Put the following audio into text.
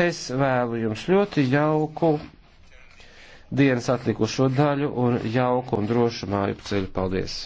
Es vēlu jums ļoti jauku dienas atlikušo daļu un jauku un drošu māju ceļu. Paldies!